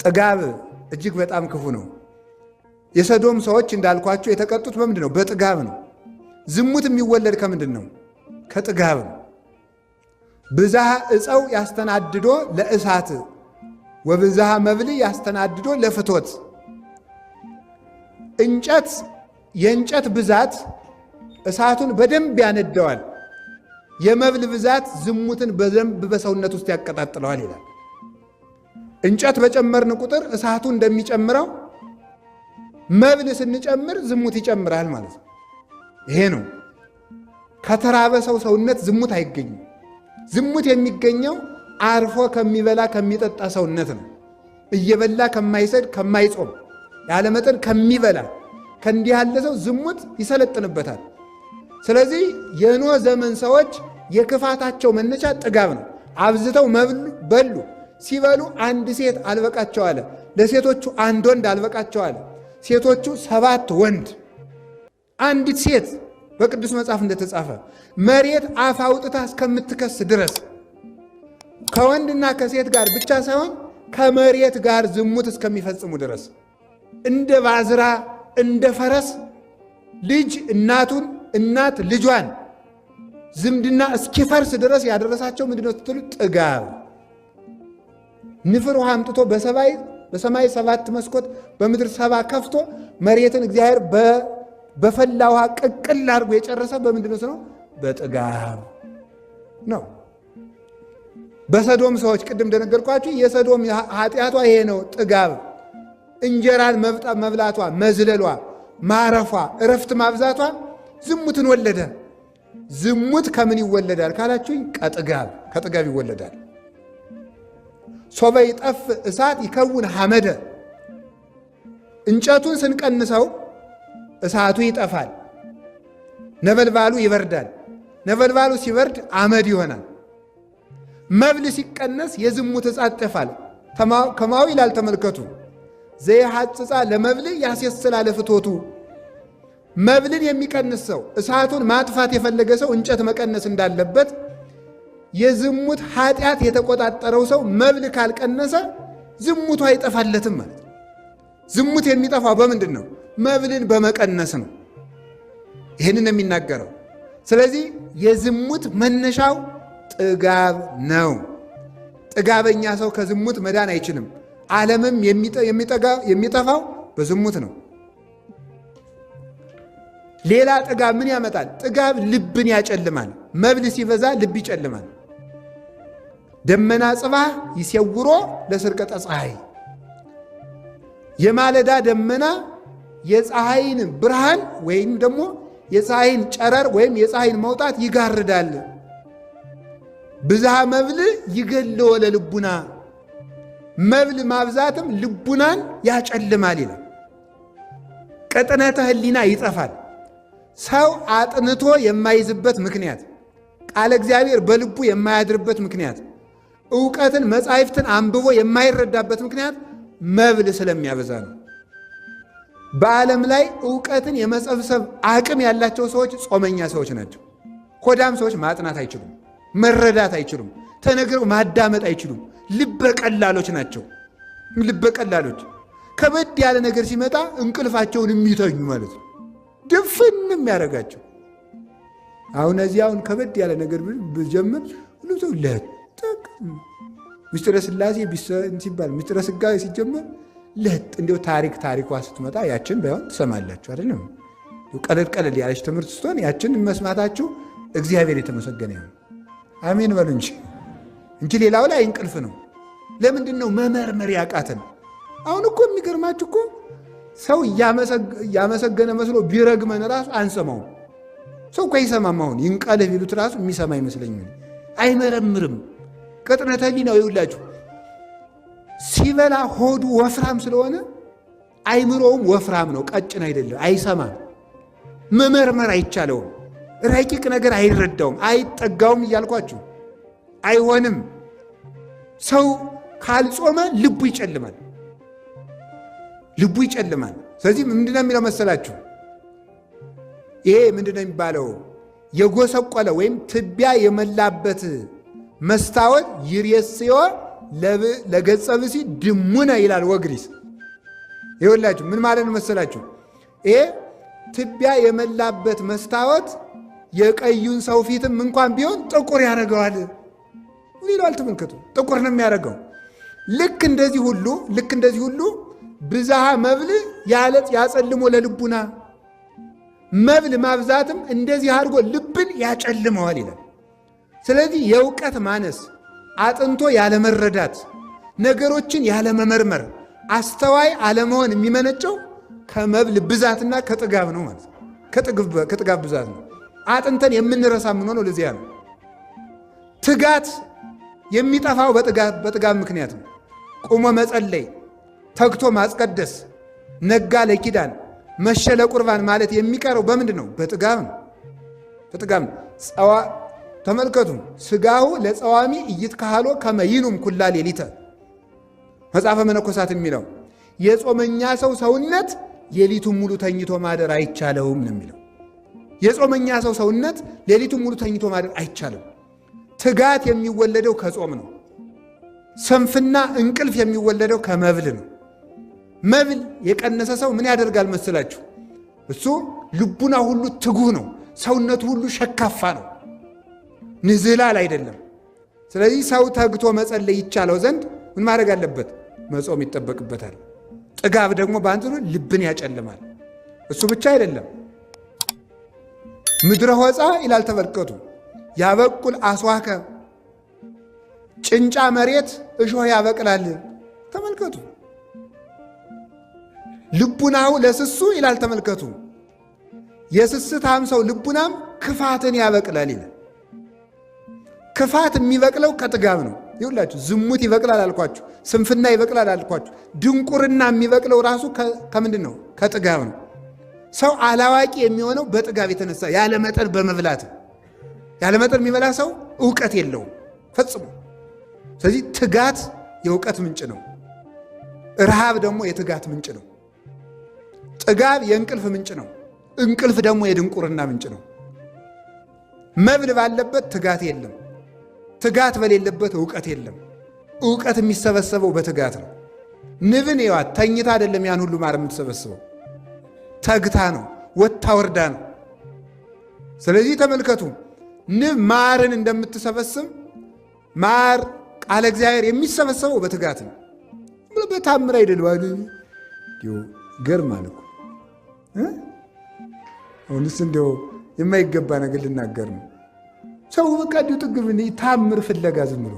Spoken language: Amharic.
ጥጋብ እጅግ በጣም ክፉ ነው። የሰዶም ሰዎች እንዳልኳቸው የተቀጡት በምንድን ነው? በጥጋብ ነው። ዝሙት የሚወለድ ከምንድን ነው? ከጥጋብ ነው። ብዝሃ እፀው ያስተናድዶ ለእሳት ወብዝሃ መብል ያስተናድዶ ለፍቶት። እንጨት የእንጨት ብዛት እሳቱን በደንብ ያነደዋል። የመብል ብዛት ዝሙትን በደንብ በሰውነት ውስጥ ያቀጣጥለዋል ይላል። እንጨት በጨመርን ቁጥር እሳቱ እንደሚጨምረው መብል ስንጨምር ዝሙት ይጨምራል ማለት ነው። ይሄ ነው። ከተራበ ሰው ሰውነት ዝሙት አይገኝም። ዝሙት የሚገኘው አርፎ ከሚበላ ከሚጠጣ ሰውነት ነው። እየበላ ከማይሰድ ከማይጾም ያለመጠን ከሚበላ ከእንዲህ ያለ ሰው ዝሙት ይሰለጥንበታል። ስለዚህ የኖ ዘመን ሰዎች የክፋታቸው መነሻ ጥጋብ ነው። አብዝተው መብል በሉ። ሲበሉ አንድ ሴት አልበቃቸው አለ። ለሴቶቹ አንድ ወንድ አልበቃቸው አለ። ሴቶቹ ሰባት ወንድ፣ አንዲት ሴት በቅዱስ መጽሐፍ እንደተጻፈ መሬት አፍ አውጥታ እስከምትከስ ድረስ ከወንድና ከሴት ጋር ብቻ ሳይሆን ከመሬት ጋር ዝሙት እስከሚፈጽሙ ድረስ እንደ ባዝራ እንደ ፈረስ ልጅ እናቱን እናት ልጇን ዝምድና እስኪፈርስ ድረስ ያደረሳቸው ምንድነው ስትሉ ጥጋብ ንፍር ውሃ አምጥቶ በሰማይ ሰባት መስኮት በምድር ሰባ ከፍቶ መሬትን እግዚአብሔር በፈላ ውሃ ቅቅል አድርጎ የጨረሰ በምንድን ነው? በጥጋብ ነው። በሰዶም ሰዎች ቅድም እንደነገርኳችሁ የሰዶም ኃጢአቷ ይሄ ነው፣ ጥጋብ እንጀራን መብላቷ፣ መዝለሏ፣ ማረፏ፣ እረፍት ማብዛቷ ዝሙትን ወለደ። ዝሙት ከምን ይወለዳል ካላችሁኝ፣ ከጥጋብ ከጥጋብ ይወለዳል። ሶበ ይጠፍ እሳት ይከውን ሐመደ። እንጨቱን ስንቀንሰው እሳቱ ይጠፋል፣ ነበልባሉ ይበርዳል። ነበልባሉ ሲበርድ አመድ ይሆናል። መብል ሲቀነስ የዝሙት እሳት ይጠፋል። ከማዊ ይላል ተመልከቱ። ዘየሐጽጻ ለመብል ያስየስላ ለፍቶቱ መብልን የሚቀንስ ሰው እሳቱን ማጥፋት የፈለገ ሰው እንጨት መቀነስ እንዳለበት የዝሙት ኃጢአት የተቆጣጠረው ሰው መብል ካልቀነሰ ዝሙቱ አይጠፋለትም ማለት ዝሙት የሚጠፋው በምንድን ነው? መብልን በመቀነስ ነው። ይህንን የሚናገረው ስለዚህ የዝሙት መነሻው ጥጋብ ነው። ጥጋበኛ ሰው ከዝሙት መዳን አይችልም። ዓለምም የሚጠፋው በዝሙት ነው። ሌላ ጥጋብ ምን ያመጣል? ጥጋብ ልብን ያጨልማል። መብል ሲበዛ ልብ ይጨልማል። ደመና ጽባ ይሴውሮ ለስርቀጠ ፀሐይ የማለዳ ደመና የፀሐይን ብርሃን ወይም ደግሞ የፀሐይን ጨረር ወይም የፀሐይን መውጣት ይጋርዳል። ብዝሃ መብል ወለ ልቡና መብል ማብዛትም ልቡናን ያጨልማል ይላል። ቅጥነተ ህሊና ይጠፋል። ሰው አጥንቶ የማይዝበት ምክንያት ቃለ እግዚአብሔር በልቡ የማያድርበት ምክንያት እውቀትን መጻሕፍትን አንብቦ የማይረዳበት ምክንያት መብል ስለሚያበዛ ነው። በዓለም ላይ እውቀትን የመሰብሰብ አቅም ያላቸው ሰዎች ጾመኛ ሰዎች ናቸው። ሆዳም ሰዎች ማጥናት አይችሉም፣ መረዳት አይችሉም፣ ተነግረው ማዳመጥ አይችሉም። ልበቀላሎች ናቸው። ልበቀላሎች ከበድ ያለ ነገር ሲመጣ እንቅልፋቸውን የሚተኙ ማለት ነው። ድፍንም ያደረጋቸው አሁን እዚህ አሁን ከበድ ያለ ነገር ብጀምር ሁሉም ሰው ለት ምስጢረ ሥላሴ ሲባል ምስጢረ ሥጋዌ ሲጀመር ለጥ እንዲያው ታሪክ ታሪኳ ስትመጣ ያችን ባይሆን ትሰማላችሁ አይደለም። ቀለል ቀለል ያለች ትምህርት ስትሆን ያችን መስማታችሁ እግዚአብሔር የተመሰገነ ይሁን። አሜን በሉ እንጂ እንጂ ሌላው ላይ እንቅልፍ ነው። ለምንድን ነው መመርመር ያቃተን? አሁን እኮ የሚገርማችሁ እኮ ሰው እያመሰገነ መስሎ ቢረግመን ራሱ አንሰማውም። ሰው እኮ አይሰማም። አሁን ይሉት ራሱ የሚሰማ አይመስለኝም። አይመረምርም። ቅጥነት ነው። ይውላችሁ ሲበላ ሆዱ ወፍራም ስለሆነ አይምሮውም ወፍራም ነው፣ ቀጭን አይደለም። አይሰማም፣ መመርመር አይቻለውም፣ ረቂቅ ነገር አይረዳውም፣ አይጠጋውም እያልኳችሁ አይሆንም። ሰው ካልጾመ ልቡ ይጨልማል፣ ልቡ ይጨልማል። ስለዚህ ምንድነው የሚለው መሰላችሁ? ይሄ ምንድነው የሚባለው? የጎሰቆለ ወይም ትቢያ የሞላበት መስታወት ይሬስዮ ለገጸ ብሲ ድሙነ ይላል ወግሪስ። ይኸውላችሁ ምን ማለት ነው መሰላችሁ? ይሄ ትቢያ የመላበት መስታወት የቀዩን ሰው ፊትም እንኳን ቢሆን ጥቁር ያደርገዋል ይሏል። ትምልክቱ ጥቁር ነው የሚያደርገው። ልክ እንደዚህ ሁሉ ልክ እንደዚህ ሁሉ ብዝሃ መብል ያለጽ ያጸልሞ ለልቡና መብል ማብዛትም እንደዚህ አድርጎ ልብን ያጨልመዋል ይላል። ስለዚህ የእውቀት ማነስ፣ አጥንቶ ያለመረዳት፣ ነገሮችን ያለመመርመር፣ አስተዋይ አለመሆን የሚመነጨው ከመብል ብዛትና ከጥጋብ ነው ማለት ከጥጋብ ብዛት ነው። አጥንተን የምንረሳ የምንሆነው ለዚያ ነው። ትጋት የሚጠፋው በጥጋብ ምክንያት ነው። ቁሞ መጸለይ፣ ተግቶ ማስቀደስ፣ ነጋ ለኪዳን፣ መሸለ ቁርባን ማለት የሚቀረው በምንድን ነው? በጥጋብ ነው። በጥጋብ ነው። ተመልከቱ ስጋሁ ለፀዋሚ እይትካሃሎ ከመይኑም ኩላ ሌሊተ መጽሐፈ መነኮሳት የሚለው የጾመኛ ሰው ሰውነት ሌሊቱን ሙሉ ተኝቶ ማደር አይቻለውም ነው የሚለው። የጾመኛ ሰው ሰውነት ሌሊቱን ሙሉ ተኝቶ ማደር አይቻለም። ትጋት የሚወለደው ከጾም ነው። ስንፍና እንቅልፍ የሚወለደው ከመብል ነው። መብል የቀነሰ ሰው ምን ያደርጋል መስላችሁ? እሱ ልቡና ሁሉ ትጉህ ነው፣ ሰውነቱ ሁሉ ሸካፋ ነው። ንዝህላል አይደለም። ስለዚህ ሰው ተግቶ መጸለይ ይቻለው ዘንድ ምን ማድረግ አለበት? መጾም ይጠበቅበታል። ጥጋብ ደግሞ በአንጻሩ ልብን ያጨልማል። እሱ ብቻ አይደለም። ምድረ ሆፃ ይላል ተመልከቱ። ያበቁል አስዋከ ጭንጫ መሬት እሾህ ያበቅላል። ተመልከቱ። ልቡናው ለስሱ ይላል ተመልከቱ። የስስታም ሰው ልቡናም ክፋትን ያበቅላል ይላል። ክፋት የሚበቅለው ከጥጋብ ነው። ይሁላችሁ ዝሙት ይበቅላል አልኳችሁ፣ ስንፍና ይበቅላል አልኳችሁ። ድንቁርና የሚበቅለው ራሱ ከምንድን ነው? ከጥጋብ ነው። ሰው አላዋቂ የሚሆነው በጥጋብ የተነሳ ያለ መጠን በመብላት ያለ መጠን የሚበላ ሰው እውቀት የለውም ፈጽሞ። ስለዚህ ትጋት የእውቀት ምንጭ ነው። ረሃብ ደግሞ የትጋት ምንጭ ነው። ጥጋብ የእንቅልፍ ምንጭ ነው። እንቅልፍ ደግሞ የድንቁርና ምንጭ ነው። መብል ባለበት ትጋት የለም። ትጋት በሌለበት እውቀት የለም። እውቀት የሚሰበሰበው በትጋት ነው። ንብን ዋት ተኝታ አይደለም ያን ሁሉ ማር የምትሰበስበው ተግታ ነው፣ ወታ ወርዳ ነው። ስለዚህ ተመልከቱ ንብ ማርን እንደምትሰበስብ ማር ቃለ እግዚአብሔር የሚሰበሰበው በትጋት ነው። በታምር አይደልባል ገርማል እኮ አሁንስ እንዲያው የማይገባ ነገር ልናገር ነው። ሰው በቃ እንዲሁ ጥግብ ታምር ፍለጋ ዝም ብሎ